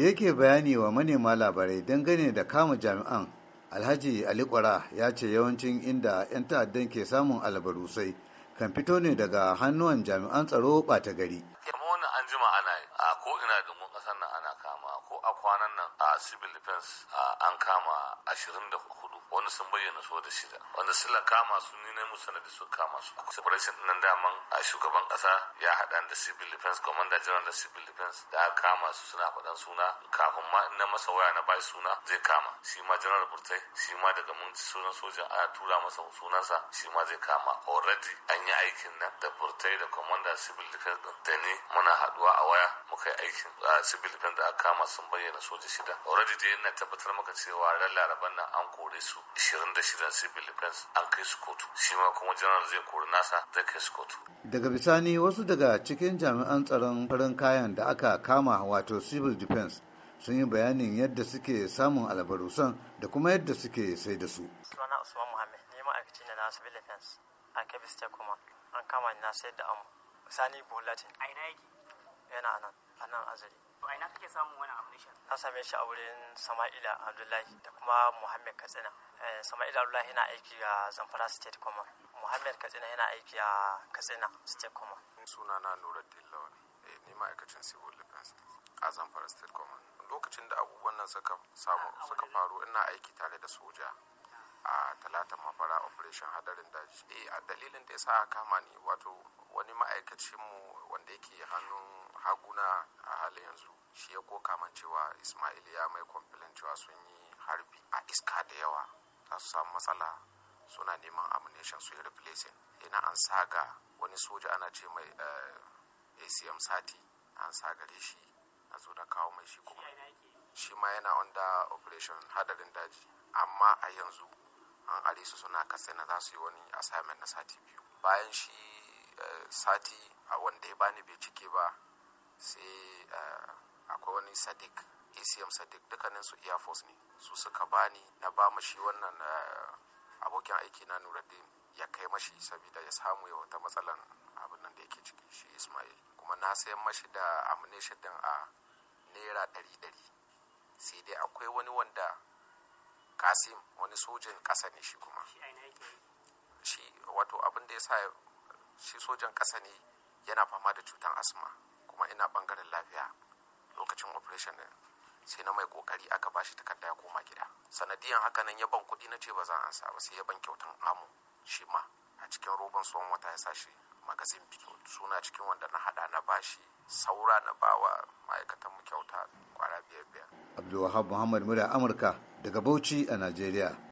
da yake bayani wa manema labarai dangane da kama jami'an alhaji ali ya ce yawancin inda 'yan ta'addan ke samun albarusai kan fito ne daga hannuwan jami'an tsaro bata gari a ko ina ƙasar nan ana kama ko a kwanan nan a civil defense an kama 24 wani sun bayyana su da shida wanda sila kama su ni na musu da su kama su separation nan daman a shugaban kasa ya haɗa da civil defense commander general da civil defense da kama su suna faɗan suna kafin ma in na masa waya na bai suna zai kama shi ma general burtai shi ma daga mun sunan sojan ana tura masa sunansa shi ma zai kama already an yi aikin nan da burtai da commander civil defense da ni muna haɗuwa a waya muka yi aikin a civil defense da aka kama sun bayyana soja shida already dai ina tabbatar maka cewa ran laraban nan an kore su su 26 civil defense an kai su kotu shi ma kuma general zai kori nasa zai kai su kotu daga bisani wasu daga cikin jami'an tsaron farin kayan da aka kama wato civil defense sun yi bayanin yadda suke samun albarusan da kuma yadda suke sai da su suna usman muhammed ne ma'aikacin da na civil defense a kebbi state kuma an kama ni na sai da amu sani bulatin aina yake yana anan anan azari to aina kake samun application na same shi a wurin sama'ila abdullahi da kuma muhammad katsina eh, sama'ila abdullahi yana aiki a zamfara state Common. muhammad katsina yana aiki a katsina state command suna na nuruddin lawan eh, ni ma'aikacin civil defense a zamfara state Common. lokacin da abubuwan nan suka samu suka faru ina aiki tare da soja a talata mafara operation hadarin daji eh, a dalilin da ya sa kama ni wato wani ma'aikacinmu wanda yake hannun haguna a kaman cewa ismail ya mai kwamfilin cewa sun yi harbi a iska da yawa za su samu matsala suna neman ammunition su yi replacing ina an saga wani soja ana ce mai eh, acm sati an sagare shi a zo da kawo mai shi kuma shi ma yana onda operation hadarin daji amma a yanzu an are su suna na za su yi wani assignment na sati biyu bayan shi eh, sati a wanda ya bani bai cike ba sai eh, akwai wani sadiq acm sadiq dukkanin su air force ne su suka bani na ba mu shi wannan eh, abokin aiki na nuruddin ya kai mashi saboda ya samu ya wata matsalan abin nan da yake ciki shi ismail kuma na sayan mashi da ammunition din a naira ɗari ɗari sai dai akwai wani wanda kasim wani sojin ƙasa ne shi kuma shi wato abin da ya sa shi sojan ƙasa ne yana fama da cutar asma kuma ina ɓangaren lafiya lokacin operation din sai na mai kokari aka bashi takarda ya koma gida sanadiyan haka nan ya ban kuɗi na ce ba za a ba sai ya ban kyautan amu shi ma a cikin roban tsohon wata ya sa shi magazin biyu suna cikin wanda na hada na bashi saura na bawa ma'aikatan mu kyauta kwara biyar biyar abdulwahab muhammad murya amurka daga bauchi a najeriya